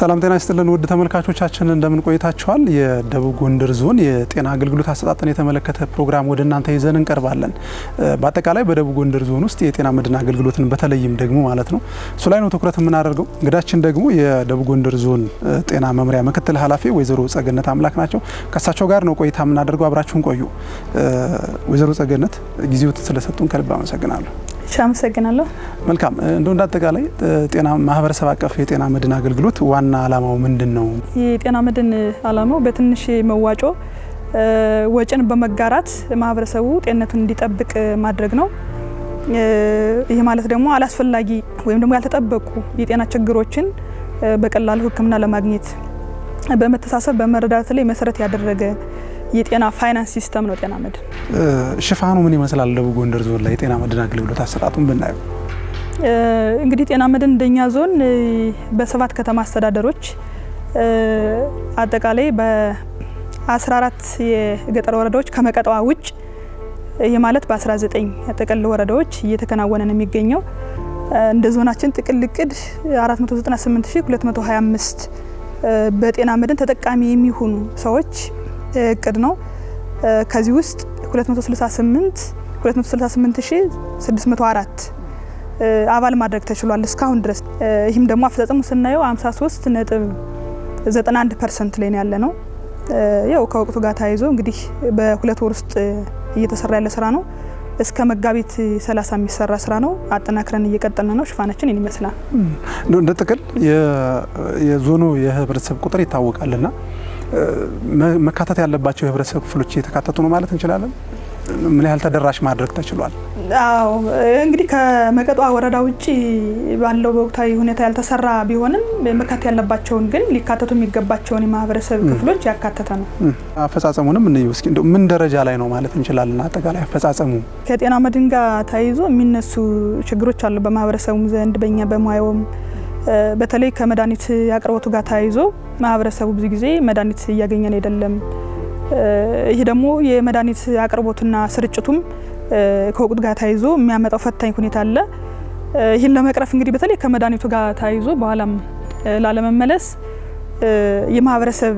ሰላም ጤና ይስጥልን ውድ ተመልካቾቻችን እንደምን ቆይታችኋል? የደቡብ ጎንደር ዞን የጤና አገልግሎት አሰጣጥን የተመለከተ ፕሮግራም ወደ እናንተ ይዘን እንቀርባለን። በአጠቃላይ በደቡብ ጎንደር ዞን ውስጥ የጤና መድን አገልግሎትን በተለይም ደግሞ ማለት ነው እሱ ላይ ነው ትኩረት የምናደርገው። እንግዳችን ደግሞ የደቡብ ጎንደር ዞን ጤና መምሪያ ምክትል ኃላፊ ወይዘሮ ጸገነት አምላክ ናቸው። ከእሳቸው ጋር ነው ቆይታ የምናደርገው። አብራችሁን ቆዩ። ወይዘሮ ጸገነት ጊዜው ስለሰጡን ከልብ አመሰግናለሁ። አመሰግናለሁ። መልካም እንደው እንዳጠቃላይ ጤና ማህበረሰብ አቀፍ የጤና መድን አገልግሎት ዋና አላማው ምንድን ነው? የጤና መድን አላማው በትንሽ መዋጮ ወጪን በመጋራት ማህበረሰቡ ጤንነቱን እንዲጠብቅ ማድረግ ነው። ይህ ማለት ደግሞ አላስፈላጊ ወይም ደግሞ ያልተጠበቁ የጤና ችግሮችን በቀላሉ ሕክምና ለማግኘት በመተሳሰብ በመረዳት ላይ መሰረት ያደረገ የጤና ፋይናንስ ሲስተም ነው ጤና መድን። ሽፋኑ ምን ይመስላል? ደቡብ ጎንደር ዞን ላይ የጤና መድን አገልግሎት አሰጣጡን ብናየው እንግዲህ ጤና መድን እንደኛ ዞን በሰባት ከተማ አስተዳደሮች አጠቃላይ በ14 የገጠር ወረዳዎች ከመቀጠዋ ውጭ ይህ ማለት በ19 ጥቅል ወረዳዎች እየተከናወነ ነው የሚገኘው። እንደ ዞናችን ጥቅል እቅድ 498225 በጤና መድን ተጠቃሚ የሚሆኑ ሰዎች እቅድ ነው። ከዚህ ውስጥ 268 268604 አባል ማድረግ ተችሏል እስካሁን ድረስ። ይህም ደግሞ አፈጻጸሙ ስናየው 53 ነጥብ 91 ፐርሰንት ላይ ያለ ነው። ያው ከወቅቱ ጋር ተያይዞ እንግዲህ በሁለት ወር ውስጥ እየተሰራ ያለ ስራ ነው። እስከ መጋቢት 30 የሚሰራ ስራ ነው። አጠናክረን እየቀጠልን ነው። ሽፋናችን ይህን ይመስላል። እንደ ጥቅል የዞኑ የህብረተሰብ ቁጥር ይታወቃልና መካተት ያለባቸው የህብረተሰብ ክፍሎች እየተካተቱ ነው ማለት እንችላለን። ምን ያህል ተደራሽ ማድረግ ተችሏል? አዎ እንግዲህ ከመቀጧ ወረዳ ውጭ ባለው በወቅታዊ ሁኔታ ያልተሰራ ቢሆንም መካተት ያለባቸውን ግን ሊካተቱ የሚገባቸውን የማህበረሰብ ክፍሎች ያካተተ ነው። አፈጻጸሙንም እንዩ እስኪ እንደው ምን ደረጃ ላይ ነው ማለት እንችላለን? አጠቃላይ አፈጻጸሙ ከጤና መድን ጋር ተያይዞ የሚነሱ ችግሮች አሉ በማህበረሰቡም ዘንድ በእኛ በሙያውም በተለይ ከመድኃኒት አቅርቦቱ ጋር ተያይዞ ማህበረሰቡ ብዙ ጊዜ መድኃኒት እያገኘን አይደለም። ይህ ደግሞ የመድኃኒት አቅርቦትና ስርጭቱም ከወቅቱ ጋር ተያይዞ የሚያመጣው ፈታኝ ሁኔታ አለ። ይህን ለመቅረፍ እንግዲህ በተለይ ከመድኃኒቱ ጋር ተያይዞ በኋላም ላለመመለስ የማህበረሰብ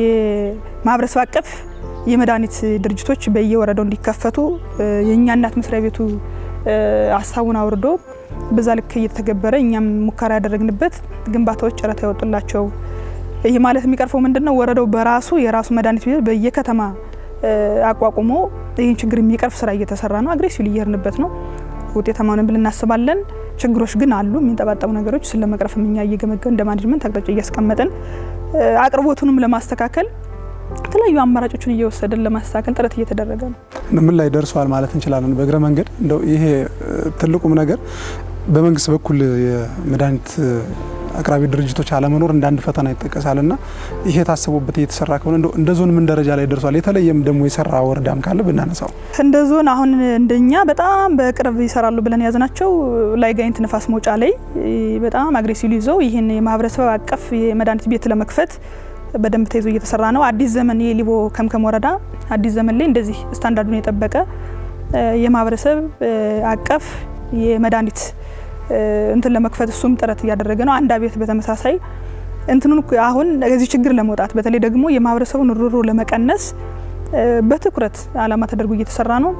የማህበረሰብ አቀፍ የመድኃኒት ድርጅቶች በየወረዳው እንዲከፈቱ የእኛ እናት መስሪያ ቤቱ ሀሳቡን አውርዶ በዛ ልክ እየተገበረ እኛም ሙከራ ያደረግንበት ግንባታዎች ጨረታ ያወጡላቸው። ይህ ማለት የሚቀርፈው ምንድን ነው? ወረዳው በራሱ የራሱ መድኃኒት ቤት በየከተማ አቋቁሞ ይህን ችግር የሚቀርፍ ስራ እየተሰራ ነው። አግሬሲቭ እየሄድንበት ነው። ውጤታማ ነን ብለን እናስባለን። ችግሮች ግን አሉ፣ የሚንጠባጠቡ ነገሮች ስለመቅረፍ እኛ እየገመገን እንደ ማኔጅመንት አቅጣጫ እያስቀመጥን አቅርቦቱንም ለማስተካከል የተለያዩ አማራጮችን እየወሰደን ለማስተካከል ጥረት እየተደረገ ነው። ምን ላይ ደርሷል ማለት እንችላለን? በእግረ መንገድ እንደው ይሄ ትልቁም ነገር በመንግስት በኩል የመድኃኒት አቅራቢ ድርጅቶች አለመኖር እንደ አንድ ፈተና ይጠቀሳል ና ይሄ ታስቦበት እየተሰራ ከሆነ እንደ ዞን ምን ደረጃ ላይ ደርሷል? የተለየም ደግሞ የሰራ ወረዳም ካለ ብናነሳው። እንደ ዞን አሁን እንደኛ በጣም በቅርብ ይሰራሉ ብለን የያዝናቸው ላይ ጋይንት ንፋስ መውጫ ላይ በጣም አግሬሲቭ ይዘው ይህን የማህበረሰብ አቀፍ የመድኃኒት ቤት ለመክፈት በደንብ ተይዞ እየተሰራ ነው። አዲስ ዘመን የሊቦ ከምከም ወረዳ አዲስ ዘመን ላይ እንደዚህ ስታንዳርዱን የጠበቀ የማህበረሰብ አቀፍ የመድኃኒት እንትን ለመክፈት እሱም ጥረት እያደረገ ነው። አንድ አቤት በተመሳሳይ እንትኑን አሁን ከዚህ ችግር ለመውጣት በተለይ ደግሞ የማህበረሰቡን ሩሮ ለመቀነስ በትኩረት አላማ ተደርጎ እየተሰራ ነው።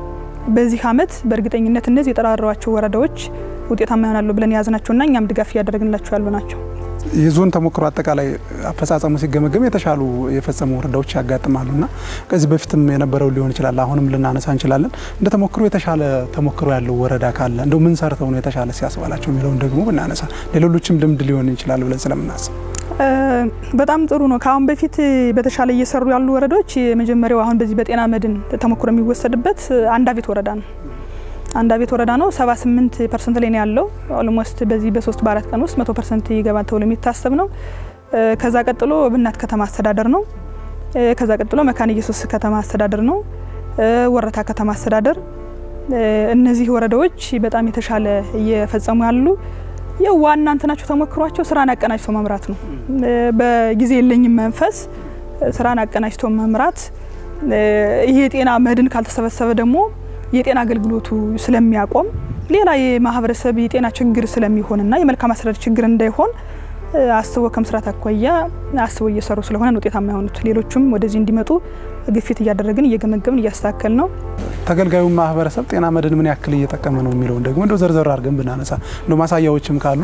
በዚህ አመት በእርግጠኝነት እነዚህ የጠራሯቸው ወረዳዎች ውጤታማ ይሆናሉ ብለን የያዝናቸውና እኛም ድጋፍ እያደረግንላቸው ያሉ ናቸው። የዞን ተሞክሮ አጠቃላይ አፈጻጸሙ ሲገመገም የተሻሉ የፈጸሙ ወረዳዎች ያጋጥማሉና ከዚህ በፊትም የነበረው ሊሆን ይችላል። አሁንም ልናነሳ እንችላለን። እንደ ተሞክሮ የተሻለ ተሞክሮ ያለው ወረዳ ካለ እንደው ምን ሰርተው ነው የተሻለ ሲያስባላቸው የሚለውን ደግሞ ብናነሳ ለሌሎችም ልምድ ሊሆን ይችላል ብለን ስለምናስብ በጣም ጥሩ ነው። ከአሁን በፊት በተሻለ እየሰሩ ያሉ ወረዳዎች የመጀመሪያው አሁን በዚህ በጤና መድን ተሞክሮ የሚወሰድበት አንዳቤት ወረዳ ነው። አንድ አቤት ወረዳ ነው 78 ፐርሰንት ላይ ነው ያለው። ኦልሞስት በዚህ በሶስት በአራት ቀን ውስጥ መቶ ፐርሰንት ይገባል ተብሎ የሚታሰብ ነው። ከዛ ቀጥሎ ብናት ከተማ አስተዳደር ነው። ከዛ ቀጥሎ መካነ ኢየሱስ ከተማ አስተዳደር ነው። ወረታ ከተማ አስተዳደር። እነዚህ ወረዳዎች በጣም የተሻለ እየፈጸሙ ያሉ ያው ዋና እንትናቸው ተሞክሯቸው ስራን አቀናጅቶ መምራት ነው። በጊዜ የለኝም መንፈስ ስራን አቀናጅቶ መምራት ይሄ የጤና መድን ካልተሰበሰበ ደግሞ የጤና አገልግሎቱ ስለሚያቆም ሌላ የማህበረሰብ የጤና ችግር ስለሚሆንና የመልካም አስተዳደር ችግር እንዳይሆን አስቦ ከምስራት አኳያ አስቦ እየሰሩ ስለሆነ ውጤታማ የሆኑት ሌሎቹም ወደዚህ እንዲመጡ ግፊት እያደረግን እየገመገምን እያስተካከል ነው። ተገልጋዩን ማህበረሰብ ጤና መድን ምን ያክል እየጠቀመ ነው የሚለውን ደግሞ እንደው ዘርዘር አድርገን ብናነሳ እንደ ማሳያዎችም ካሉ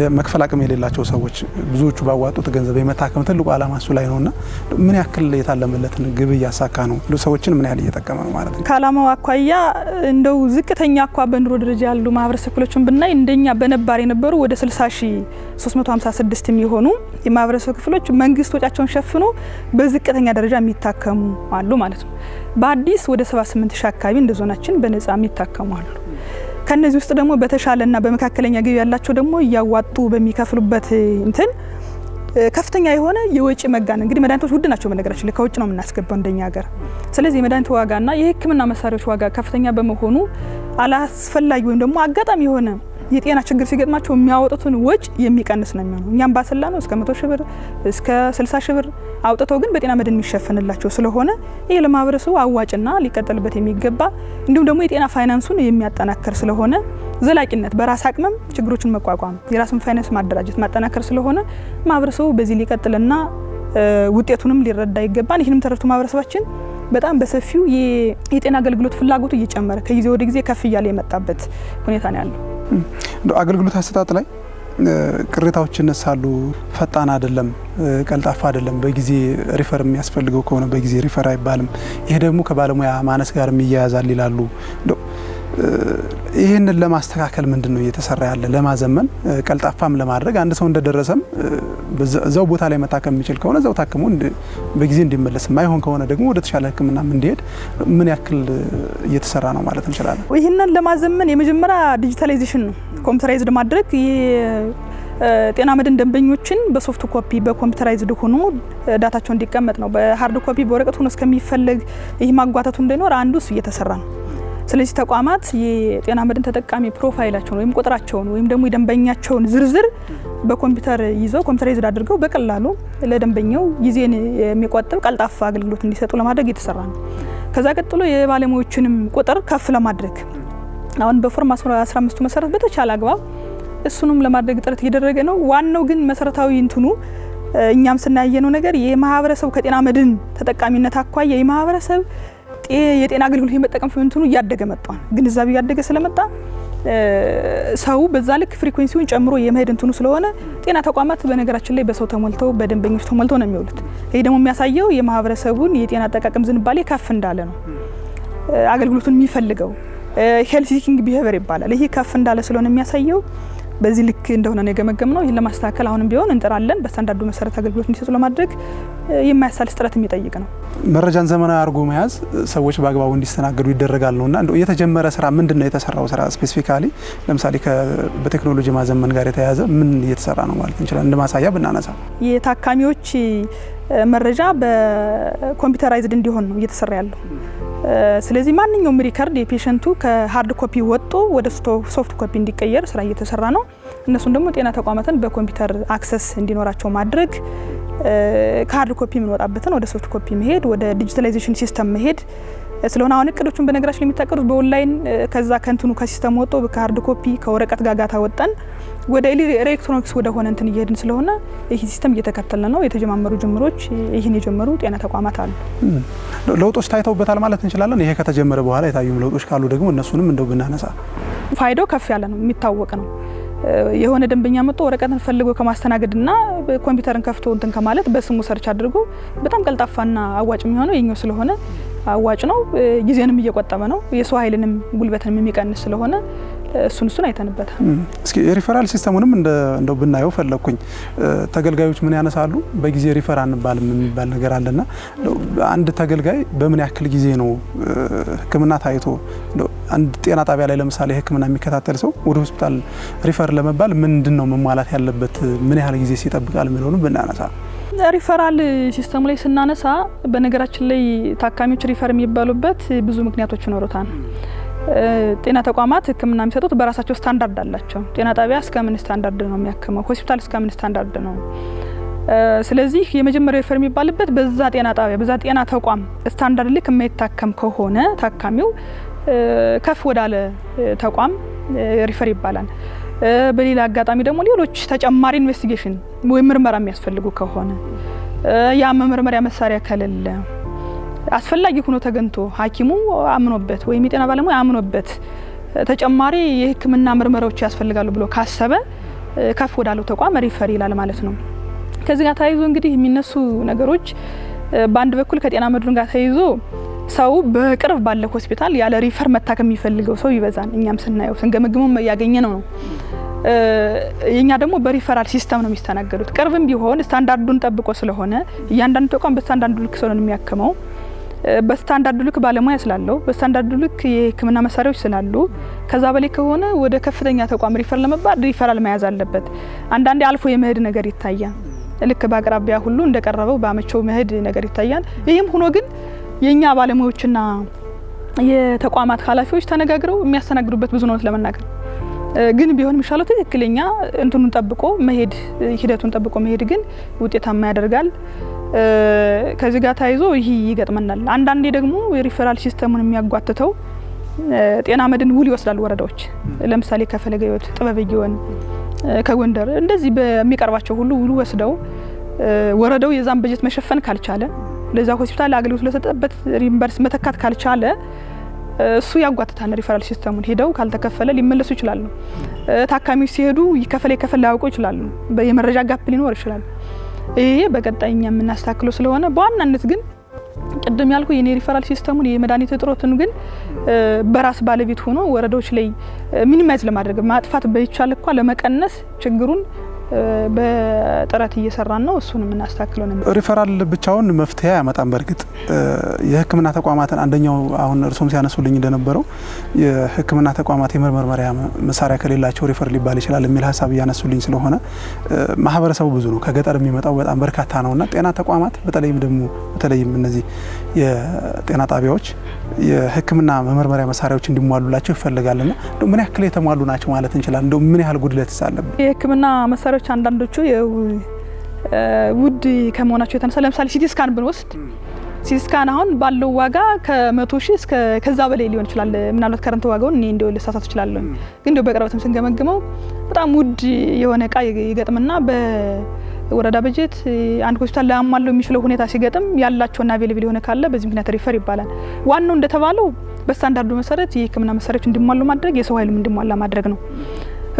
የመክፈል አቅም የሌላቸው ሰዎች ብዙዎቹ ባዋጡት ገንዘብ የመታከም ትልቁ ዓላማ እሱ ላይ ነውና ምን ያክል የታለመለትን ግብ እያሳካ ነው፣ ሰዎችን ምን ያህል እየጠቀመ ነው ማለት ነው። ከዓላማው አኳያ እንደው ዝቅተኛ እኳ በኑሮ ደረጃ ያሉ ማህበረሰብ ክፍሎችን ብናይ እንደኛ በነባር የነበሩ ወደ 60356 የሚሆኑ የማህበረሰብ ክፍሎች መንግስት ወጫቸውን ሸፍኖ በዝቅተኛ ደረጃ ደረጃ የሚታከሙ አሉ ማለት ነው። በአዲስ ወደ 78 ሺህ አካባቢ እንደ ዞናችን በነጻ የሚታከሙ አሉ። ከነዚህ ውስጥ ደግሞ በተሻለና በመካከለኛ ገቢ ያላቸው ደግሞ እያዋጡ በሚከፍሉበት እንትን ከፍተኛ የሆነ የወጪ መጋነን እንግዲህ መድኃኒቶች ውድ ናቸው። በነገራችን ላይ ከውጭ ነው የምናስገባው እንደኛ ሀገር። ስለዚህ የመድኃኒት ዋጋና የሕክምና መሳሪያዎች ዋጋ ከፍተኛ በመሆኑ አላስፈላጊ ወይም ደግሞ አጋጣሚ የሆነ የጤና ችግር ሲገጥማቸው የሚያወጡትን ወጭ የሚቀንስ ነው የሚሆነው። እኛም ባሰላ ነው እስከ መቶ ሺህ ብር እስከ ስልሳ ሺህ ብር አውጥተው ግን በጤና መድን የሚሸፈንላቸው ስለሆነ ይህ ለማህበረሰቡ አዋጭና ሊቀጠልበት የሚገባ እንዲሁም ደግሞ የጤና ፋይናንሱን የሚያጠናክር ስለሆነ ዘላቂነት በራስ አቅምም ችግሮችን መቋቋም የራስን ፋይናንስ ማደራጀት ማጠናከር ስለሆነ ማህበረሰቡ በዚህ ሊቀጥልና ውጤቱንም ሊረዳ ይገባል። ይህንም ተረድቶ ማህበረሰባችን በጣም በሰፊው የጤና አገልግሎት ፍላጎቱ እየጨመረ ከጊዜ ወደ ጊዜ ከፍ እያለ የመጣበት ሁኔታ ነው ያለው። አገልግሎት አሰጣጥ ላይ ቅሬታዎች ይነሳሉ። ፈጣን አይደለም፣ ቀልጣፋ አይደለም። በጊዜ ሪፈር የሚያስፈልገው ከሆነ በጊዜ ሪፈር አይባልም። ይሄ ደግሞ ከባለሙያ ማነስ ጋር የሚያያዛል ይላሉ። ይህንን ለማስተካከል ምንድን ነው እየተሰራ ያለ ለማዘመን ቀልጣፋም ለማድረግ አንድ ሰው እንደደረሰም እዛው ቦታ ላይ መታከም የሚችል ከሆነ እዛው ታክሞ በጊዜ እንዲመለስ፣ ማይሆን ከሆነ ደግሞ ወደ ተሻለ ሕክምና እንዲሄድ ምን ያክል እየተሰራ ነው ማለት እንችላለን። ይህንን ለማዘመን የመጀመሪያ ዲጂታላይዜሽን ነው፣ ኮምፒውተራይዝድ ማድረግ ጤና መድን ደንበኞችን በሶፍት ኮፒ በኮምፒውተራይዝድ ሆኖ ዳታቸው እንዲቀመጥ ነው። በሀርድ ኮፒ በወረቀት ሆኖ እስከሚፈለግ ይህ ማጓተቱ እንዳይኖር አንዱ እሱ እየተሰራ ነው። ስለዚህ ተቋማት የጤና መድን ተጠቃሚ ፕሮፋይላቸውን ወይም ቁጥራቸውን ወይም ደግሞ የደንበኛቸውን ዝርዝር በኮምፒውተር ይዘው ኮምፒውተራይዝድ አድርገው በቀላሉ ለደንበኛው ጊዜን የሚቆጥብ ቀልጣፋ አገልግሎት እንዲሰጡ ለማድረግ የተሰራ ነው። ከዛ ቀጥሎ የባለሙያዎችንም ቁጥር ከፍ ለማድረግ አሁን በፎርም 15 መሰረት በተቻለ አግባብ እሱንም ለማድረግ ጥረት እየደረገ ነው። ዋናው ግን መሰረታዊ እንትኑ እኛም ስናያየነው ነገር የማህበረሰቡ ከጤና መድን ተጠቃሚነት አኳያ የማህበረሰብ የጤና አገልግሎት የመጠቀም ፍንትኑ እያደገ መጣን። ግንዛቤ እያደገ ስለመጣ ሰው በዛ ልክ ፍሪኩዌንሲውን ጨምሮ የመሄድ እንትኑ ስለሆነ ጤና ተቋማት በነገራችን ላይ በሰው ተሞልተው በደንበኞች ተሞልተው ነው የሚውሉት። ይህ ደግሞ የሚያሳየው የማህበረሰቡን የጤና አጠቃቀም ዝንባሌ ከፍ እንዳለ ነው። አገልግሎቱን የሚፈልገው ሄልዝ ሲኪንግ ቢሄቨር ይባላል። ይሄ ከፍ እንዳለ ስለሆነ የሚያሳየው በዚህ ልክ እንደሆነ ነው ነው። ይህን ለማስተካከል አሁንም ቢሆን እንጥራለን። በስታንዳርዱ መሰረት አገልግሎት እንዲሰጡ ለማድረግ የማያሳልስ ጥረት የሚጠይቅ ነው። መረጃን ዘመናዊ አድርጎ መያዝ ሰዎች በአግባቡ እንዲስተናገዱ ይደረጋል ነው እና የተጀመረ ስራ ምንድን ነው? የተሰራው ስራ ስፔሲፊካሊ ለምሳሌ በቴክኖሎጂ ማዘመን ጋር የተያያዘ ምን እየተሰራ ነው ማለት እንችላለን? እንደ ማሳያ ብናነሳ የታካሚዎች መረጃ በኮምፒውተራይዝድ እንዲሆን ነው እየተሰራ ያለው ስለዚህ ማንኛውም ሪከርድ የፔሸንቱ ከሀርድ ኮፒ ወጥቶ ወደ ሶፍት ኮፒ እንዲቀየር ስራ እየተሰራ ነው። እነሱን ደግሞ ጤና ተቋማትን በኮምፒውተር አክሰስ እንዲኖራቸው ማድረግ ከሀርድ ኮፒ የምንወጣበትን ወደ ሶፍት ኮፒ መሄድ፣ ወደ ዲጂታላይዜሽን ሲስተም መሄድ ስለሆነ አሁን እቅዶቹን በነገራችን የሚታቀዱት በኦንላይን ከዛ ከንትኑ ከሲስተም ወጥቶ ከሀርድ ኮፒ ከወረቀት ጋጋታ ወጠን ወደ ኤሌክትሮኒክስ ወደ ሆነ እንትን እየሄድን ስለሆነ ይህ ሲስተም እየተከተለ ነው። የተጀማመሩ ጅምሮች ይህን የጀመሩ ጤና ተቋማት አሉ። ለውጦች ታይተውበታል ማለት እንችላለን። ይሄ ከተጀመረ በኋላ የታዩም ለውጦች ካሉ ደግሞ እነሱንም እንደው ብናነሳ ፋይዳው ከፍ ያለ ነው፣ የሚታወቅ ነው። የሆነ ደንበኛ መጥቶ ወረቀትን ፈልጎ ከማስተናገድና ኮምፒውተርን ከፍቶ እንትን ከማለት በስሙ ሰርች አድርጎ በጣም ቀልጣፋና አዋጭ የሚሆነው የኛው ስለሆነ አዋጭ ነው። ጊዜንም እየቆጠበ ነው። የሰው ኃይልንም ጉልበትንም የሚቀንስ ስለሆነ እሱን እሱን አይተንበታል። እስኪ የሪፈራል ሲስተሙንም እንደው ብናየው ፈለግኩኝ። ተገልጋዮች ምን ያነሳሉ? በጊዜ ሪፈር አንባልም የሚባል ነገር አለና አንድ ተገልጋይ በምን ያክል ጊዜ ነው ሕክምና ታይቶ አንድ ጤና ጣቢያ ላይ ለምሳሌ ሕክምና የሚከታተል ሰው ወደ ሆስፒታል ሪፈር ለመባል ምንድን ነው መሟላት ያለበት? ምን ያህል ጊዜ ሲጠብቃል የሚለውንም ብናነሳ ሪፈራል ሲስተሙ ላይ ስናነሳ፣ በነገራችን ላይ ታካሚዎች ሪፈር የሚባሉበት ብዙ ምክንያቶች ይኖሩታል። ጤና ተቋማት ህክምና የሚሰጡት በራሳቸው ስታንዳርድ አላቸው። ጤና ጣቢያ እስከምን ስታንዳርድ ነው የሚያክመው? ሆስፒታል እስከምን ስታንዳርድ ነው? ስለዚህ የመጀመሪያው ሪፈር የሚባልበት በዛ ጤና ጣቢያ በዛ ጤና ተቋም ስታንዳርድ ልክ የማይታከም ከሆነ ታካሚው ከፍ ወዳለ ተቋም ሪፈር ይባላል። በሌላ አጋጣሚ ደግሞ ሌሎች ተጨማሪ ኢንቨስቲጌሽን ወይም ምርመራ የሚያስፈልጉ ከሆነ ያ መመርመሪያ መሳሪያ ከሌለ አስፈላጊ ሆኖ ተገንቶ ሐኪሙ አምኖበት ወይም የጤና ባለሙያ አምኖበት ተጨማሪ የሕክምና ምርመራዎች ያስፈልጋሉ ብሎ ካሰበ ከፍ ወዳለው ተቋም ሪፈር ይላል ማለት ነው። ከዚህ ጋር ተያይዞ እንግዲህ የሚነሱ ነገሮች በአንድ በኩል ከጤና መድን ጋር ተያይዞ ሰው በቅርብ ባለ ሆስፒታል ያለ ሪፈር መታከም የሚፈልገው ሰው ይበዛል። እኛም ስናየው ስንገመግመው እያገኘ ነው ነው የኛ ደግሞ በሪፈራል ሲስተም ነው የሚስተናገዱት። ቅርብም ቢሆን ስታንዳርዱን ጠብቆ ስለሆነ እያንዳንዱ ተቋም በስታንዳርዱ ልክ ሰው የሚያክመው በስታንዳርድ ልክ ባለሙያ ስላለው በስታንዳርድ ልክ የህክምና መሳሪያዎች ስላሉ ከዛ በላይ ከሆነ ወደ ከፍተኛ ተቋም ሪፈር ለመባል ሪፈራል መያዝ አለበት። አንዳንዴ አልፎ የመሄድ ነገር ይታያል። ልክ በአቅራቢያ ሁሉ እንደቀረበው በአመቸው መሄድ ነገር ይታያል። ይህም ሆኖ ግን የእኛ ባለሙያዎችና የተቋማት ኃላፊዎች ተነጋግረው የሚያስተናግዱበት ብዙ ነው ለመናገር ግን ቢሆን የሚሻለው ትክክለኛ እንትኑን ጠብቆ መሄድ ሂደቱን ጠብቆ መሄድ ግን ውጤታማ ያደርጋል። ከዚህ ጋር ተያይዞ ይህ ይገጥመናል። አንዳንዴ ደግሞ የሪፈራል ሲስተሙን የሚያጓትተው ጤና መድን ውል ይወስዳል ወረዳዎች። ለምሳሌ ከፈለገ ሕይወት፣ ጥበብ ጊዮን፣ ከጎንደር እንደዚህ በሚቀርባቸው ሁሉ ውል ወስደው ወረዳው የዛን በጀት መሸፈን ካልቻለ ለዛ ሆስፒታል አገልግሎት ለሰጠበት ሪምበርስ መተካት ካልቻለ እሱ ያጓትታል ሪፈራል ሲስተሙን። ሄደው ካልተከፈለ ሊመለሱ ይችላሉ። ታካሚዎች ሲሄዱ ይከፈለ ይከፈል ላያውቁ ይችላሉ። የመረጃ ጋፕ ሊኖር ይችላል። ይሄ በቀጣይ እኛ የምናስተካክለው ስለሆነ በዋናነት ግን ቅድም ያልኩ የኔ ሪፈራል ሲስተሙን የመድኃኒት እጥሮትን ግን በራስ ባለቤት ሆኖ ወረዳዎች ላይ ሚኒማይዝ ለማድረግ ማጥፋት በይቻል እንኳ ለመቀነስ ችግሩን በጥረት እየሰራን ነው። እሱን የምናስተካክለው ነው። ሪፈራል ብቻውን መፍትሄ አያመጣም። በእርግጥ የህክምና ተቋማትን አንደኛው አሁን እርሶም ሲያነሱልኝ እንደነበረው የህክምና ተቋማት የመመርመሪያ መሳሪያ ከሌላቸው ሪፈር ሊባል ይችላል የሚል ሀሳብ እያነሱልኝ ስለሆነ ማህበረሰቡ ብዙ ነው፣ ከገጠር የሚመጣው በጣም በርካታ እና ጤና ተቋማት በተለይም ደግሞ በተለይም እነዚህ የጤና ጣቢያዎች የህክምና መመርመሪያ መሳሪያዎች እንዲሟሉላቸው ይፈልጋልና ምን ያክል የተሟሉ ናቸው ማለት እንደ ምን ያህል ጉድለት ሳለብን የህክምና መሳሪያ መመሪያዎች አንዳንዶቹ ውድ ከመሆናቸው የተነሳ ለምሳሌ ሲቲ ስካን ብንወስድ ሲቲ ስካን አሁን ባለው ዋጋ ከመቶ ሺህ እስከ ከዛ በላይ ሊሆን ይችላል። ምናልባት ከረንት ዋጋውን እኔ እንዲሁ ልሳሳት እችላለሁ፣ ግን እንዲሁ በቅርበትም ስንገመግመው በጣም ውድ የሆነ እቃ ይገጥምና በወረዳ በጀት አንድ ሆስፒታል ሊያሟለው የሚችለው ሁኔታ ሲገጥም ያላቸውና አቬሌብል የሆነ ካለ በዚህ ምክንያት ሪፈር ይባላል። ዋናው እንደተባለው በስታንዳርዱ መሰረት የህክምና መሳሪያዎች እንዲሟሉ ማድረግ የሰው ኃይሉም እንዲሟላ ማድረግ ነው።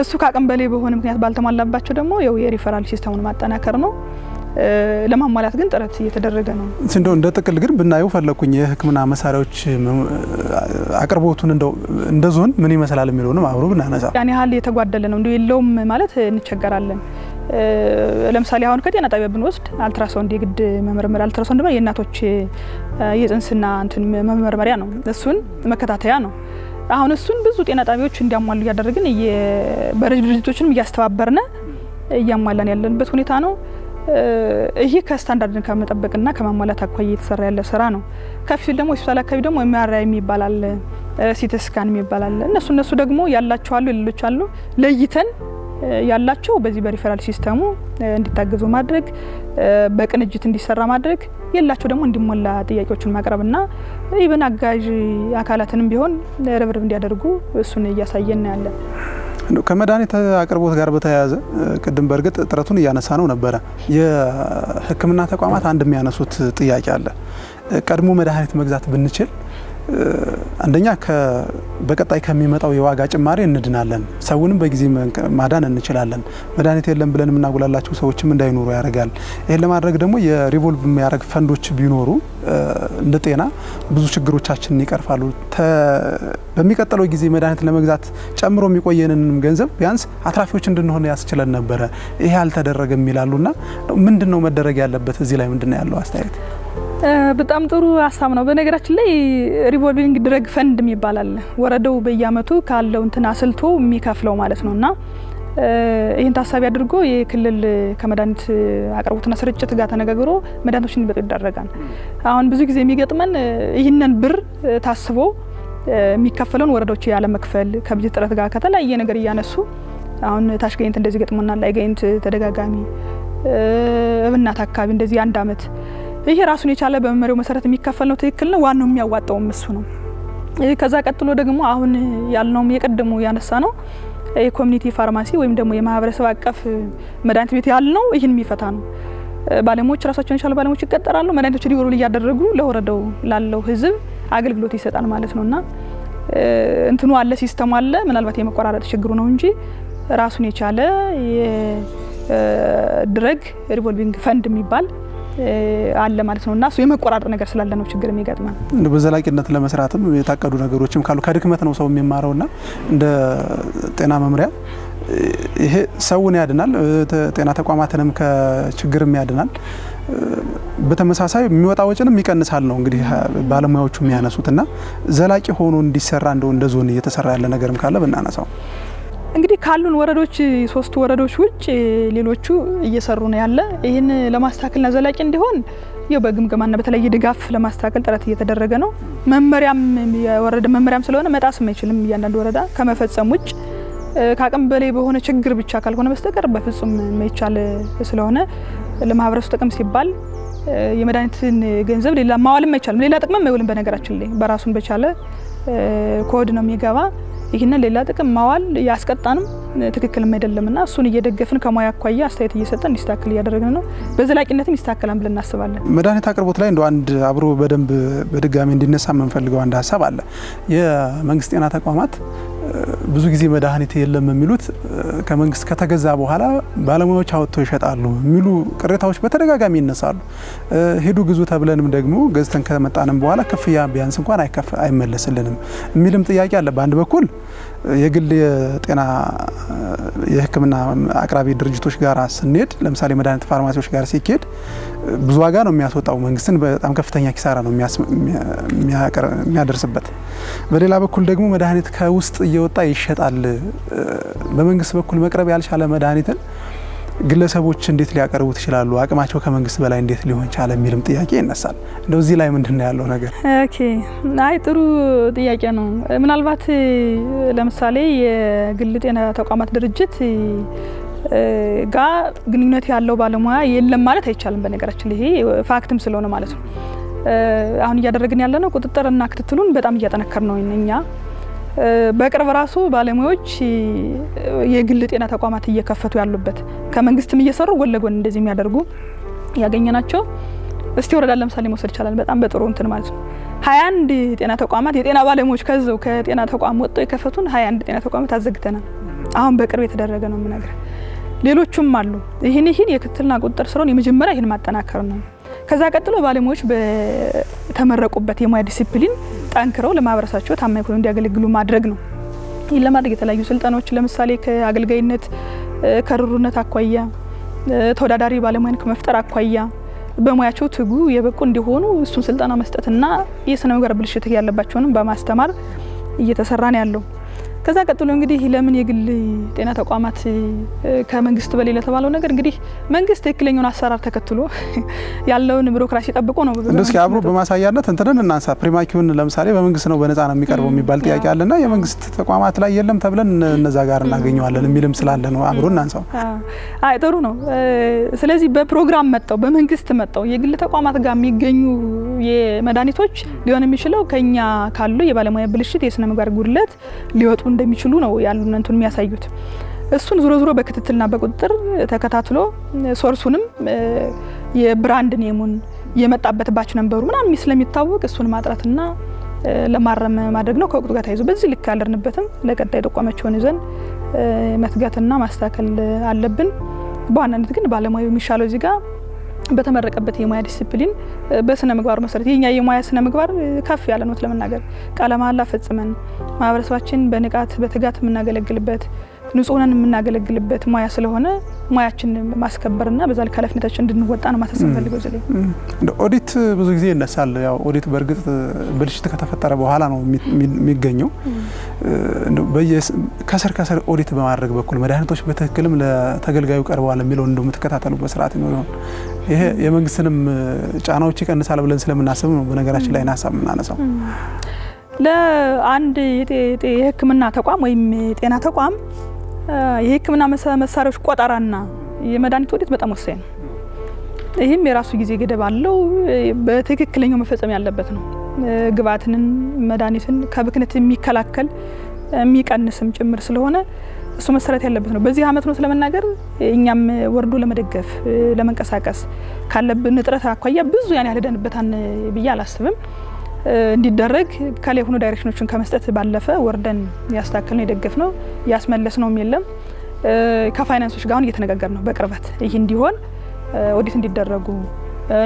እሱ ከአቅም በላይ በሆነ ምክንያት ባልተሟላባቸው ደግሞ ያው የሪፈራል ሲስተሙን ማጠናከር ነው። ለማሟላት ግን ጥረት እየተደረገ ነው። እንደው እንደ ጥቅል ግን ብናየው ፈለኩኝ የሕክምና መሳሪያዎች አቅርቦቱን እንደው እንደ ዞን ምን ይመስላል የሚለውንም አብሮ ብናነሳ ያን ያህል የተጓደለ ነው። እንደው የለውም ማለት እንቸገራለን። ለምሳሌ አሁን ከጤና ጣቢያ ብንወስድ አልትራሳውንድ የግድ መመርመር አልትራሳውንድ የእናቶች የጽንስና እንትን መመርመሪያ ነው። እሱን መከታተያ ነው አሁን እሱን ብዙ ጤና ጣቢያዎች እንዲያሟሉ እያደረግን በረጅ ድርጅቶችንም እያስተባበርን እያሟላን ያለንበት ሁኔታ ነው። ይህ ከስታንዳርድን ከመጠበቅና ከማሟላት አኳያ የተሰራ ያለ ስራ ነው። ከፊል ደግሞ ሆስፒታል አካባቢ ደግሞ ማሪያ የሚባላል ሲቲስካን የሚባላል እነሱ እነሱ ደግሞ ያላቸው አሉ፣ የሌሎች አሉ ለይተን ያላቸው በዚህ በሪፈራል ሲስተሙ እንዲታገዙ ማድረግ በቅንጅት እንዲሰራ ማድረግ የላቸው ደግሞ እንዲሞላ ጥያቄዎችን ማቅረብና ኢብን አጋዥ አካላትንም ቢሆን ርብርብ እንዲያደርጉ እሱን እያሳየን ያለን። ከመድኃኒት አቅርቦት ጋር በተያያዘ ቅድም በእርግጥ ጥረቱን እያነሳ ነው ነበረ። የሕክምና ተቋማት አንድ የሚያነሱት ጥያቄ አለ። ቀድሞ መድኃኒት መግዛት ብንችል አንደኛ በቀጣይ ከሚመጣው የዋጋ ጭማሪ እንድናለን፣ ሰውንም በጊዜ ማዳን እንችላለን። መድኃኒት የለም ብለን የምናጉላላቸው ሰዎችም እንዳይኖሩ ያደርጋል። ይህን ለማድረግ ደግሞ የሪቮልቭ የሚያደርግ ፈንዶች ቢኖሩ እንደ ጤና ብዙ ችግሮቻችንን ይቀርፋሉ። በሚቀጥለው ጊዜ መድኃኒት ለመግዛት ጨምሮ የሚቆየንንም ገንዘብ ቢያንስ አትራፊዎች እንድንሆን ያስችለን ነበረ። ይሄ አልተደረገም ይላሉና ምንድን ነው መደረግ ያለበት? እዚህ ላይ ምንድን ነው ያለው አስተያየት? በጣም ጥሩ ሀሳብ ነው። በነገራችን ላይ ሪቮልቪንግ ድረግ ፈንድ ይባላል። ወረዳው በየአመቱ ካለው እንትን አስልቶ የሚከፍለው ማለት ነው እና ይህን ታሳቢ አድርጎ የክልል ከመድኃኒት አቅርቦትና ስርጭት ጋር ተነጋግሮ መድኃኒቶች እንዲመጡ ይደረጋል። አሁን ብዙ ጊዜ የሚገጥመን ይህንን ብር ታስቦ የሚከፈለውን ወረዳዎች ያለመክፈል ከብጅት ጥረት ጋር ከተለያየ ነገር እያነሱ አሁን ታች ገኝት እንደዚህ ገጥሞናል። ላይ ተደጋጋሚ እብናት አካባቢ እንደዚህ አንድ አመት ይሄ ራሱን የቻለ በመመሪያው መሰረት የሚከፈል ነው። ትክክል ነው። ዋናው የሚያዋጣውም እሱ ነው። ከዛ ቀጥሎ ደግሞ አሁን ያልነውም የቀደሙ ያነሳ ነው የኮሚኒቲ ፋርማሲ ወይም ደግሞ የማህበረሰብ አቀፍ መድኃኒት ቤት ያልነው ይህን የሚፈታ ነው። ባለሙያዎች ራሳቸውን የቻሉ ባለሙያዎች ይቀጠራሉ። መድኃኒቶች ሊወሩ እያደረጉ ለወረደው ላለው ህዝብ አገልግሎት ይሰጣል ማለት ነው እና እንትኑ አለ ሲስተሙ አለ። ምናልባት የመቆራረጥ ችግሩ ነው እንጂ ራሱን የቻለ የድረግ ሪቮልቪንግ ፈንድ የሚባል አለ ማለት ነው እና እሱ የመቆራረጥ ነገር ስላለ ነው ችግር የሚገጥመን። በዘላቂነት ለመስራትም የታቀዱ ነገሮችም ካሉ ከድክመት ነው ሰው የሚማረውና እንደ ጤና መምሪያ ይሄ ሰውን ያድናል፣ ጤና ተቋማትንም ከችግርም ያድናል። በተመሳሳይ የሚወጣ ወጭንም ይቀንሳል ነው እንግዲህ ባለሙያዎቹ የሚያነሱት እና ዘላቂ ሆኖ እንዲሰራ እንደው እንደ ዞን እየተሰራ ያለ ነገርም ካለ ብናነሳው እንግዲህ ካሉን ወረዶች ሶስቱ ወረዶች ውጭ ሌሎቹ እየሰሩ ነው ያለ። ይህን ለማስተካከልና ዘላቂ እንዲሆን ይኸው በግምገማና በተለየ ድጋፍ ለማስተካከል ጥረት እየተደረገ ነው። መመሪያም የወረደ መመሪያም ስለሆነ መጣስም አይችልም። እያንዳንድ ወረዳ ከመፈጸም ውጭ ከአቅም በላይ በሆነ ችግር ብቻ ካልሆነ በስተቀር በፍጹም የማይቻል ስለሆነ ለማህበረሰቡ ጥቅም ሲባል የመድኃኒትን ገንዘብ ሌላ ማዋልም አይቻልም። ሌላ ጥቅምም አይውልም። በነገራችን ላይ በራሱን በቻለ ኮድ ነው የሚገባ ይህንን ሌላ ጥቅም ማዋል ያስቀጣንም ትክክልም አይደለምና እሱን እየደገፍን ከሙያ አኳያ አስተያየት እየሰጠን እንዲስተካከል እያደረግን ነው። በዘላቂነትም ይስተካከላል ብለን እናስባለን። መድኃኒት አቅርቦት ላይ እንደ አንድ አብሮ በደንብ በድጋሚ እንዲነሳ የምንፈልገው አንድ ሀሳብ አለ። የመንግስት ጤና ተቋማት ብዙ ጊዜ መድኃኒት የለም የሚሉት ከመንግስት ከተገዛ በኋላ ባለሙያዎች አወጥቶ ይሸጣሉ የሚሉ ቅሬታዎች በተደጋጋሚ ይነሳሉ። ሄዱ ግዙ ተብለንም ደግሞ ገዝተን ከመጣንም በኋላ ክፍያ ቢያንስ እንኳን አይመለስልንም የሚልም ጥያቄ አለ። በአንድ በኩል የግል የጤና የሕክምና አቅራቢ ድርጅቶች ጋር ስንሄድ፣ ለምሳሌ መድኃኒት ፋርማሲዎች ጋር ሲኬድ ብዙ ዋጋ ነው የሚያስወጣው። መንግስትን በጣም ከፍተኛ ኪሳራ ነው የሚያደርስበት። በሌላ በኩል ደግሞ መድኃኒት ከውስጥ እየወጣ ይሸጣል። በመንግስት በኩል መቅረብ ያልቻለ መድኃኒትን ግለሰቦች እንዴት ሊያቀርቡት ይችላሉ? አቅማቸው ከመንግስት በላይ እንዴት ሊሆን ቻለ? የሚልም ጥያቄ ይነሳል። እንደው እዚህ ላይ ምንድን ነው ያለው ነገር? ኦኬ፣ አይ ጥሩ ጥያቄ ነው። ምናልባት ለምሳሌ የግል ጤና ተቋማት ድርጅት ጋር ግንኙነት ያለው ባለሙያ የለም ማለት አይቻልም። በነገራችን ይሄ ፋክትም ስለሆነ ማለት ነው። አሁን እያደረግን ነው ቁጥጥርና ክትትሉን በጣም እያጠነከር ነው እኛ በቅርብ ራሱ ባለሙያዎች የግል ጤና ተቋማት እየከፈቱ ያሉበት ከመንግስትም እየሰሩ ጎን ለጎን እንደዚህ የሚያደርጉ ያገኘ ናቸው። እስቲ ወረዳ ለምሳሌ መውሰድ ይቻላል። በጣም በጥሩ እንትን ማለት ነው ሀያ አንድ ጤና ተቋማት የጤና ባለሙያዎች ከዘው ከጤና ተቋም ወጥተው የከፈቱን ሀያ አንድ ጤና ተቋማት አዘግተናል። አሁን በቅርብ የተደረገ ነው የምነግረን። ሌሎቹም አሉ። ይህን ይህን የክትልና ቁጥጥር ስራውን የመጀመሪያ ይህን ማጠናከር ነው። ከዛ ቀጥሎ ባለሙያዎች በተመረቁበት የሙያ ዲሲፕሊን ጠንክረው ለማህበረሰባቸው ታማኝ ሆነው እንዲያገለግሉ ማድረግ ነው። ይህን ለማድረግ የተለያዩ ስልጠናዎች ለምሳሌ ከአገልጋይነት ከርሩነት አኳያ ተወዳዳሪ ባለሙያን ከመፍጠር አኳያ በሙያቸው ትጉ የበቁ እንዲሆኑ እሱን ስልጠና መስጠትና የስነ ምግባር ብልሽት ያለባቸውንም በማስተማር እየተሰራ ነው ያለው። ከዛ ቀጥሎ እንግዲህ ለምን የግል ጤና ተቋማት ከመንግስት በሌለ ለተባለው ነገር እንግዲህ መንግስት ትክክለኛውን አሰራር ተከትሎ ያለውን ቢሮክራሲ ጠብቆ ነው። እስኪ አብሮ በማሳያነት እንትንን እናንሳ። ፕሪማኪውን ለምሳሌ በመንግስት ነው በነፃ ነው የሚቀርበው የሚባል ጥያቄ አለና የመንግስት ተቋማት ላይ የለም ተብለን እነዛ ጋር እናገኘዋለን የሚልም ስላለ ነው አብሮ እናንሳው። አይ ጥሩ ነው። ስለዚህ በፕሮግራም መጠው በመንግስት መጣው የግል ተቋማት ጋር የሚገኙ የመድኃኒቶች ሊሆን የሚችለው ከኛ ካሉ የባለሙያ ብልሽት የስነ ምግባር ጉድለት ሊወጡ እንደሚችሉ ነው ያሉን እንትን የሚያሳዩት። እሱን ዙሮ ዙሮ በክትትልና በቁጥጥር ተከታትሎ ሶርሱንም የብራንድ ኔሙን የመጣበት ባች ነበሩ ምናምን ስለሚታወቅ እሱን ማጥራትና ለማረም ማድረግ ነው። ከወቅቱ ጋር ተያይዞ በዚህ ልክ ያልርንበትም ለቀጣይ ጠቋሚያቸውን ይዘን መትጋትና ማስተካከል አለብን። በዋናነት ግን ባለሙያው የሚሻለው እዚህ ጋር በተመረቀበት የሙያ ዲሲፕሊን በስነ ምግባር መሰረት የኛ የሙያ ስነ ምግባር ከፍ ያለ ነው ለመናገር ቃለ ፈጽመን ማህበረሰባችን በንቃት በትጋት የምናገለግልበት ንጹህ የምናገለግልበት ሙያ ስለሆነ ሙያችንን ማስከበርና በዛ ልክ ኃላፊነታችን እንድንወጣ ነው ማሳሰብ ፈልገው። ዘ ኦዲት ብዙ ጊዜ ይነሳል። ያው ኦዲት በእርግጥ ብልሽት ከተፈጠረ በኋላ ነው የሚገኘው። ከስር ከስር ኦዲት በማድረግ በኩል መድኃኒቶች በትክክልም ለተገልጋዩ ቀርበዋል የሚለው እንደ የምትከታተሉበት ስርዓት ይኖር ይሆን? ይሄ የመንግስትንም ጫናዎች ይቀንሳል ብለን ስለምናስብ ነው በነገራችን ላይ ናሳብ የምናነሳው። ለአንድ የሕክምና ተቋም ወይም የጤና ተቋም የህክምና መሳሪያዎች ቆጠራና የመድኃኒት ወዴት በጣም ወሳኝ ነው። ይህም የራሱ ጊዜ ገደብ አለው። በትክክለኛው መፈጸም ያለበት ነው። ግብአትንን መድኃኒትን ከብክነት የሚከላከል የሚቀንስም ጭምር ስለሆነ እሱ መሰረት ያለበት ነው። በዚህ አመት ነው ስለመናገር እኛም ወርዶ ለመደገፍ ለመንቀሳቀስ ካለብን እጥረት አኳያ ብዙ ያን ያልደንበታን ብዬ አላስብም። እንዲደረግ ከላይ የሆኑ ዳይሬክሽኖችን ከመስጠት ባለፈ ወርደን ያስተካከል ነው የደገፍ ነው ያስመለስ ነውም የለም። ከፋይናንሶች ጋር አሁን እየተነጋገር ነው በቅርበት ይህ እንዲሆን ኦዲት እንዲደረጉ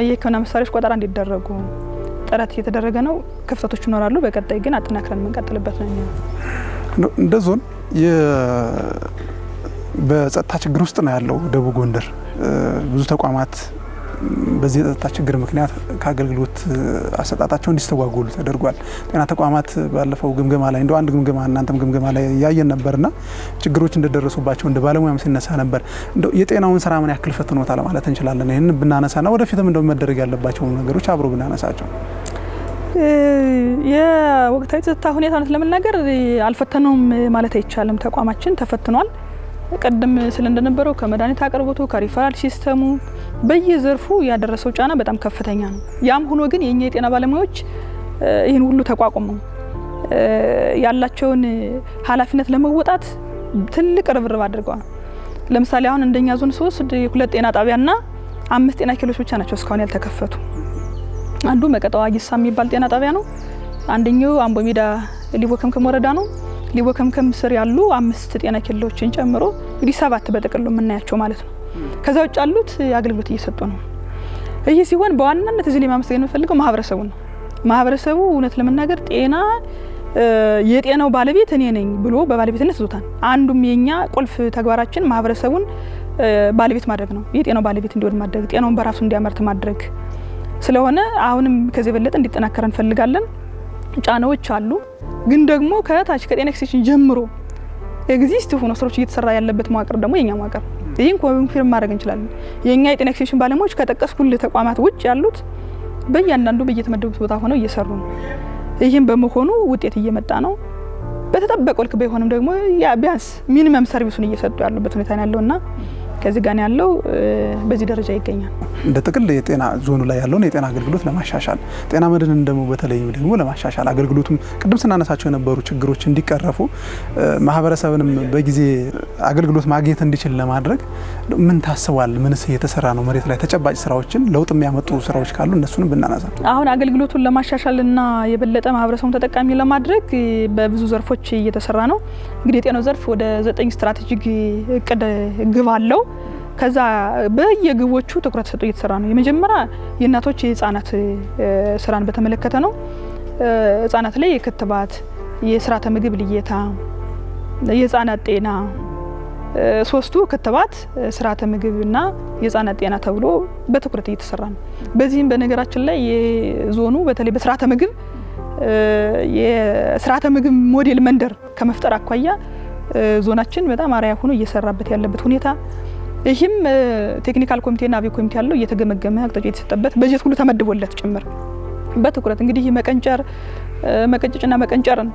የህክምና መሳሪያዎች ቆጠራ እንዲደረጉ ጥረት እየተደረገ ነው። ክፍተቶች ይኖራሉ። በቀጣይ ግን አጠናክረን የምንቀጥልበት ነው እንደ ዞን በጸጥታ ችግር ውስጥ ነው ያለው ደቡብ ጎንደር ብዙ ተቋማት በዚህ የጸጥታ ችግር ምክንያት ከአገልግሎት አሰጣጣቸው እንዲስተጓጎሉ ተደርጓል። ጤና ተቋማት ባለፈው ግምገማ ላይ እንደ አንድ ግምገማ እናንተም ግምገማ ላይ ያየን ነበርና ችግሮች እንደደረሱባቸው እንደ ባለሙያም ሲነሳ ነበር። እንደ የጤናውን ስራ ምን ያክል ፈትኖታል ማለት እንችላለን? ይህን ብናነሳና ወደፊትም እንደ መደረግ ያለባቸው ነገሮች አብሮ ብናነሳቸው የወቅታዊ ጸጥታ ሁኔታ እውነት ለመናገር አልፈተነውም ማለት አይቻልም። ተቋማችን ተፈትኗል። ቀደም ስለ እንደነበረው ከመድኃኒት አቅርቦቱ ከሪፈራል ሲስተሙ በየዘርፉ ያደረሰው ጫና በጣም ከፍተኛ ነው። ያም ሆኖ ግን የእኛ የጤና ባለሙያዎች ይህን ሁሉ ተቋቁመው ያላቸውን ኃላፊነት ለመወጣት ትልቅ ርብርብ አድርገዋል። ለምሳሌ አሁን እንደኛ ዞን ሶስት የሁለት ጤና ጣቢያና አምስት ጤና ኬሎች ብቻ ናቸው እስካሁን ያልተከፈቱ። አንዱ መቀጠዋ ጊሳ የሚባል ጤና ጣቢያ ነው። አንደኛው አምቦ ሜዳ ሊቦ ከምከም ወረዳ ነው። ሊወከምከም ስር ያሉ አምስት ጤና ኬላዎችን ጨምሮ እንግዲህ ሰባት በጥቅሉ የምናያቸው ማለት ነው። ከዛ ውጭ ያሉት አገልግሎት እየሰጡ ነው። ይህ ሲሆን በዋናነት እዚህ ላይ ማመስገን የምፈልገው ማህበረሰቡ ነው። ማህበረሰቡ እውነት ለመናገር ጤና የጤናው ባለቤት እኔ ነኝ ብሎ በባለቤትነት ይዞታል። አንዱም የኛ ቁልፍ ተግባራችን ማህበረሰቡን ባለቤት ማድረግ ነው። የጤናው ባለቤት እንዲሆን ማድረግ፣ ጤናውን በራሱ እንዲያመርት ማድረግ ስለሆነ አሁንም ከዚህ የበለጠ እንዲጠናከር እንፈልጋለን። ጫናዎች አሉ። ግን ደግሞ ከታች ከጤና ኤክስቴንሽን ጀምሮ ኤግዚስት ሆኖ ስራዎች እየተሰራ ያለበት መዋቅር ደግሞ የኛ መዋቅር ይህን ኮንፊርም ማድረግ እንችላለን። የእኛ የጤና ኤክስቴንሽን ባለሙያዎች ከጠቀስኩልህ ተቋማት ውጭ ያሉት በእያንዳንዱ በየተመደቡት ቦታ ሆነው እየሰሩ ነው። ይህም በመሆኑ ውጤት እየመጣ ነው። በተጠበቀው ልክ ባይሆንም ደግሞ ቢያንስ ሚኒመም ሰርቪሱን እየሰጡ ያሉበት ሁኔታ ያለውና ከዚህ ጋር ያለው በዚህ ደረጃ ይገኛል። እንደ ጥቅል የጤና ዞኑ ላይ ያለውን የጤና አገልግሎት ለማሻሻል ጤና መድንን ደግሞ በተለይም ደግሞ ለማሻሻል አገልግሎቱም ቅድም ስናነሳቸው የነበሩ ችግሮች እንዲቀረፉ ማህበረሰብንም በጊዜ አገልግሎት ማግኘት እንዲችል ለማድረግ ምን ታስቧል? ምንስ እየተሰራ ነው? መሬት ላይ ተጨባጭ ስራዎችን ለውጥ የሚያመጡ ስራዎች ካሉ እነሱንም ብናነሳ አሁን አገልግሎቱን ለማሻሻልና የበለጠ ማህበረሰቡን ተጠቃሚ ለማድረግ በብዙ ዘርፎች እየተሰራ ነው። እንግዲህ የጤናው ዘርፍ ወደ ዘጠኝ ስትራቴጂክ እቅድ ግብ አለው። ከዛ በየግቦቹ ትኩረት ሰጥቶ እየተሰራ ነው። የመጀመሪያ የእናቶች የህፃናት ስራን በተመለከተ ነው። ህጻናት ላይ የክትባት፣ የስርዓተ ምግብ ልየታ፣ የህፃናት ጤና ሶስቱ ክትባት፣ ስርዓተ ምግብና የህፃናት ጤና ተብሎ በትኩረት እየተሰራ ነው። በዚህም በነገራችን ላይ የዞኑ በተለይ በስርዓተ ምግብ የስርዓተ ምግብ ሞዴል መንደር ከመፍጠር አኳያ ዞናችን በጣም አርአያ ሆኖ እየሰራበት ያለበት ሁኔታ ይህም ቴክኒካል ኮሚቴና አብይ ኮሚቴ ያለው እየተገመገመ አቅጣጫ የተሰጠበት በጀት ሁሉ ተመድቦለት ጭምር በትኩረት እንግዲህ መቀንጨር መቀጨጭና መቀንጨርን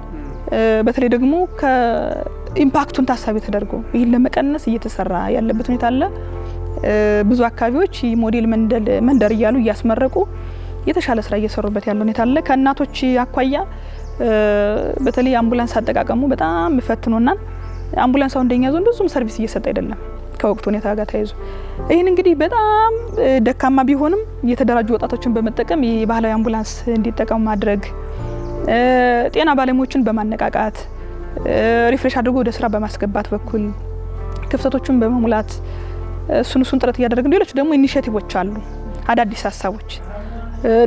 በተለይ ደግሞ ከኢምፓክቱን ታሳቢ ተደርጎ ይህን ለመቀነስ እየተሰራ ያለበት ሁኔታ አለ። ብዙ አካባቢዎች ሞዴል መንደር እያሉ እያስመረቁ የተሻለ ስራ እየሰሩበት ያለ ሁኔታ አለ። ከእናቶች አኳያ በተለይ አምቡላንስ አጠቃቀሙ በጣም ይፈትኖናል። አምቡላንስ አሁን እንደኛ ዞን ብዙም ሰርቪስ እየሰጠ አይደለም። ከወቅቱ ሁኔታ ጋር ተያይዞ ይህን እንግዲህ በጣም ደካማ ቢሆንም የተደራጁ ወጣቶችን በመጠቀም የባህላዊ አምቡላንስ እንዲጠቀሙ ማድረግ፣ ጤና ባለሙያዎችን በማነቃቃት ሪፍሬሽ አድርጎ ወደ ስራ በማስገባት በኩል ክፍተቶችን በመሙላት እሱን እሱን ጥረት እያደረግን ሌሎች ደግሞ ኢኒሽቲቮች አሉ፣ አዳዲስ ሀሳቦች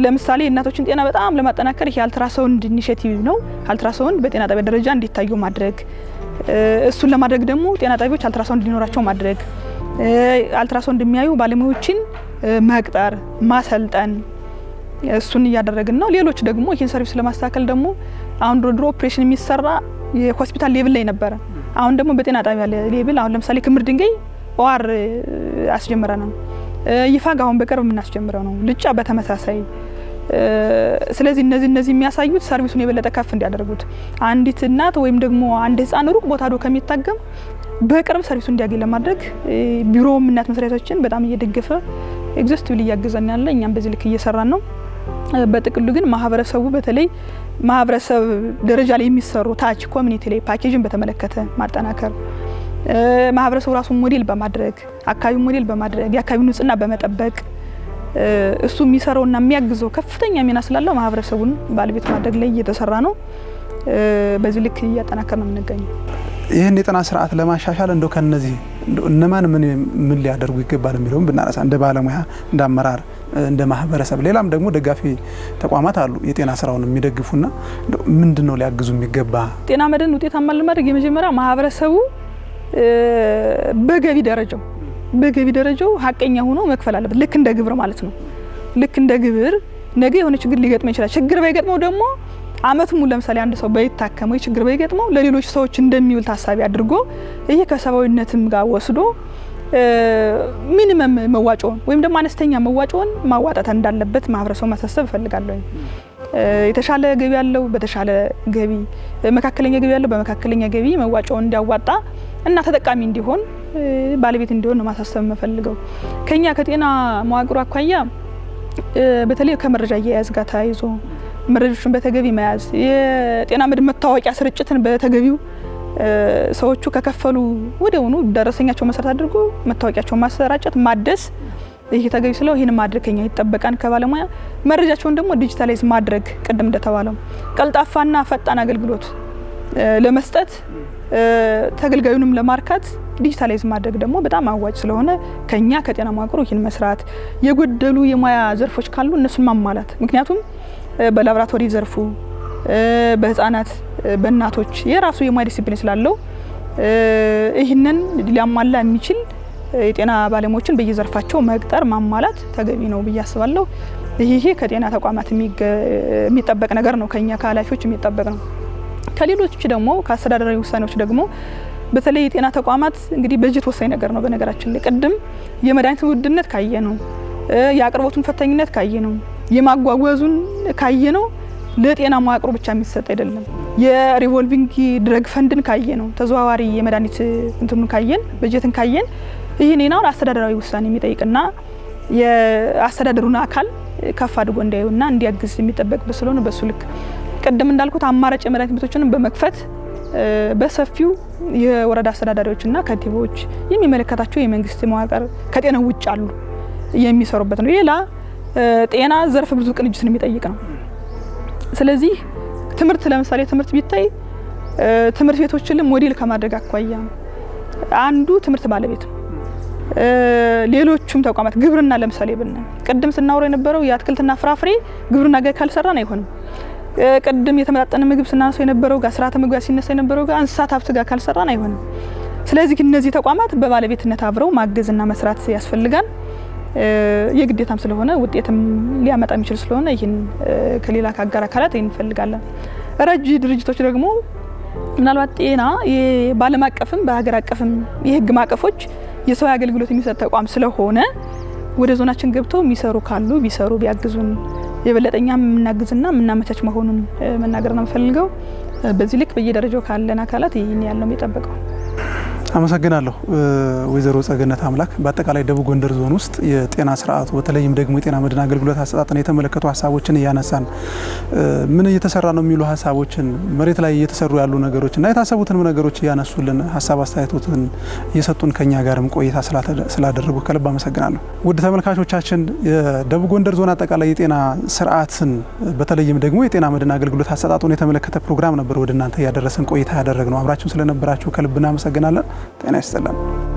ለምሳሌ እናቶችን ጤና በጣም ለማጠናከር ይሄ አልትራሳውንድ ኢኒሽቲቭ ነው። አልትራሳውንድ በጤና ጣቢያ ደረጃ እንዲታዩ ማድረግ እሱን ለማድረግ ደግሞ ጤና ጣቢያዎች አልትራሳውንድ እንዲኖራቸው ማድረግ፣ አልትራሳውንድ የሚያዩ ባለሙያዎችን መቅጠር፣ ማሰልጠን እሱን እያደረግን ነው። ሌሎች ደግሞ ይህን ሰርቪስ ለማስተካከል ደግሞ አሁን ድሮ ድሮ ኦፕሬሽን የሚሰራ የሆስፒታል ሌብል ላይ ነበረ። አሁን ደግሞ በጤና ጣቢያ ሌብል አሁን ለምሳሌ ክምር ድንጋይ ኦአር ነው። ይፋግ አሁን በቅርብ የምናስጀምረው ነው። ልጫ በተመሳሳይ ስለዚህ እነዚህ እነዚህ የሚያሳዩት ሰርቪሱን የበለጠ ከፍ እንዲያደርጉት አንዲት እናት ወይም ደግሞ አንድ ህፃን ሩቅ ቦታ ዶ ከሚታገም በቅርብ ሰርቪሱ እንዲያገኝ ለማድረግ ቢሮውም እናት መስሪያ ቤቶችን በጣም እየደገፈ ኤግዘስቲቭሊ እያገዘን ያለ እኛም በዚህ ልክ እየሰራን ነው። በጥቅሉ ግን ማህበረሰቡ በተለይ ማህበረሰብ ደረጃ ላይ የሚሰሩ ታች ኮሚኒቲ ላይ ፓኬጅን በተመለከተ ማጠናከር ማህበረሰቡ ራሱን ሞዴል በማድረግ አካባቢው ሞዴል በማድረግ የአካባቢ ንጽህና በመጠበቅ እሱ የሚሰራውና የሚያግዘው ከፍተኛ ሚና ስላለው ማህበረሰቡን ባለቤት ማድረግ ላይ እየተሰራ ነው። በዚህ ልክ እያጠናከር ነው የምንገኘው። ይህን የጤና ስርዓት ለማሻሻል እንደው ከነዚህ እነማን ምን ምን ሊያደርጉ ይገባል የሚለውም ብናነሳ እንደ ባለሙያ፣ እንደ አመራር፣ እንደ ማህበረሰብ ሌላም ደግሞ ደጋፊ ተቋማት አሉ የጤና ስራውን የሚደግፉና ምንድን ነው ሊያግዙ የሚገባ ጤና መድን ውጤታማ ለማድረግ የመጀመሪያ ማህበረሰቡ በገቢ ደረጃው በገቢ ደረጃው ሀቀኛ ሆኖ መክፈል አለበት። ልክ እንደ ግብር ማለት ነው። ልክ እንደ ግብር ነገ የሆነ ችግር ሊገጥመው ይችላል። ችግር ባይገጥመው ደግሞ አመቱ ሙሉ ለምሳሌ አንድ ሰው ባይታከም ወይ ችግር ባይገጥመው ለሌሎች ሰዎች እንደሚውል ታሳቢ አድርጎ ይሄ ከሰብአዊነትም ጋር ወስዶ ሚኒመም መዋጮውን ወይም ደግሞ አነስተኛ መዋጮውን ማዋጣት እንዳለበት ማህበረሰቡ ማሳሰብ እፈልጋለሁ። የተሻለ ገቢ ያለው በተሻለ ገቢ፣ መካከለኛ ገቢ ያለው በመካከለኛ ገቢ መዋጮውን እንዲያዋጣ እና ተጠቃሚ እንዲሆን ባለቤት እንዲሆን ነው ማሳሰብ የምፈልገው። ከኛ ከጤና መዋቅሩ አኳያ በተለይ ከመረጃ አያያዝ ጋር ተያይዞ መረጃዎችን በተገቢ መያዝ፣ የጤና መድን መታወቂያ ስርጭትን በተገቢው ሰዎቹ ከከፈሉ ወዲያውኑ ደረሰኛቸው መሰረት አድርጎ መታወቂያቸውን ማሰራጨት ማደስ ይህ ተገቢ ስለው ይህን ማድረግ ከኛ ከባለሙያ። መረጃቸውን ደግሞ ዲጂታላይዝ ማድረግ ቅድም እንደተባለው ቀልጣፋና ፈጣን አገልግሎት ለመስጠት ተገልጋዩንም ለማርካት ዲጂታላይዝ ማድረግ ደግሞ በጣም አዋጭ ስለሆነ ከኛ ከጤና መዋቅሩ ይህን መስራት፣ የጎደሉ የሙያ ዘርፎች ካሉ እነሱን ማሟላት። ምክንያቱም በላብራቶሪ ዘርፉ በህፃናት በእናቶች የራሱ የሙያ ዲሲፕሊን ስላለው ይህንን ሊያሟላ የሚችል የጤና ባለሙያዎችን በየዘርፋቸው መቅጠር ማሟላት ተገቢ ነው ብዬ አስባለሁ። ይሄ ከጤና ተቋማት የሚጠበቅ ነገር ነው፣ ከኛ ከኃላፊዎች የሚጠበቅ ነው። ከሌሎች ደግሞ ከአስተዳደራዊ ውሳኔዎች ደግሞ በተለይ የጤና ተቋማት እንግዲህ በጀት ወሳኝ ነገር ነው። በነገራችን ላይ ቅድም የመድኃኒት ውድነት ካየ ነው፣ የአቅርቦቱን ፈታኝነት ካየ ነው፣ የማጓጓዙን ካየ ነው። ለጤና መዋቅሩ ብቻ የሚሰጥ አይደለም። የሪቮልቪንግ ድረግ ፈንድን ካየ ነው፣ ተዘዋዋሪ የመድኃኒት እንትኑን ካየን፣ በጀትን ካየን ይህን አሁን አስተዳደራዊ ውሳኔ የሚጠይቅና የአስተዳደሩን አካል ከፍ አድጎ እንዲያዩና እንዲያግዝ የሚጠበቅ ስለሆነ በሱ ልክ ቅድም እንዳልኩት አማራጭ የመድኃኒት ቤቶችንም በመክፈት በሰፊው የወረዳ አስተዳዳሪዎችና ከንቲባዎች የሚመለከታቸው የመንግስት መዋቅር ከጤና ውጭ አሉ የሚሰሩበት ነው። ሌላ ጤና ዘርፍ ብዙ ቅንጅትን የሚጠይቅ ነው። ስለዚህ ትምህርት ለምሳሌ ትምህርት ቢታይ ትምህርት ቤቶችንም ሞዴል ከማድረግ አኳያ አንዱ ትምህርት ባለቤት ነው። ሌሎቹም ተቋማት ግብርና ለምሳሌ ብና ቅድም ስናወራ የነበረው የአትክልትና ፍራፍሬ ግብርና ጋር ካልሰራን አይሆንም። ቅድም የተመጣጠነ ምግብ ስናነሳ የነበረው ጋር ስርዓተ ምግብ ሲነሳ የነበረው ጋር እንስሳት ሀብት ጋር ካልሰራን አይሆንም። ስለዚህ እነዚህ ተቋማት በባለቤትነት አብረው ማገዝና መስራት ያስፈልጋል። የግዴታም ስለሆነ ውጤትም ሊያመጣ የሚችል ስለሆነ ይህን ከሌላ ከአጋር አካላት እንፈልጋለን። ረጂ ድርጅቶች ደግሞ ምናልባት ጤና በዓለም አቀፍም በሀገር አቀፍም የህግ ማዕቀፎች የሰው አገልግሎት የሚሰጥ ተቋም ስለሆነ ወደ ዞናችን ገብተው የሚሰሩ ካሉ ቢሰሩ ቢያግዙን የበለጠኛ የምናግዝና የምናመቻች መሆኑን መናገር ነው የምፈልገው። በዚህ ልክ በየደረጃው ካለን አካላት ይህን ያለው የጠበቀው አመሰግናለሁ ወይዘሮ ጸገነት አምላክ። በአጠቃላይ ደቡብ ጎንደር ዞን ውስጥ የጤና ስርዓቱ በተለይም ደግሞ የጤና መድን አገልግሎት አሰጣጥን የተመለከቱ ሀሳቦችን እያነሳን ምን እየተሰራ ነው የሚሉ ሀሳቦችን መሬት ላይ እየተሰሩ ያሉ ነገሮች እና የታሰቡትንም ነገሮች እያነሱልን ሀሳብ አስተያየቶትን እየሰጡን ከኛ ጋርም ቆይታ ስላደረጉ ከልብ አመሰግናለሁ። ውድ ተመልካቾቻችን የደቡብ ጎንደር ዞን አጠቃላይ የጤና ስርዓትን በተለይም ደግሞ የጤና መድን አገልግሎት አሰጣጡን የተመለከተ ፕሮግራም ነበር ወደ እናንተ እያደረስን ቆይታ ያደረግ ነው። አብራችሁ ስለነበራችሁ ከልብ እናመሰግናለን። ጤና ይስጥልን።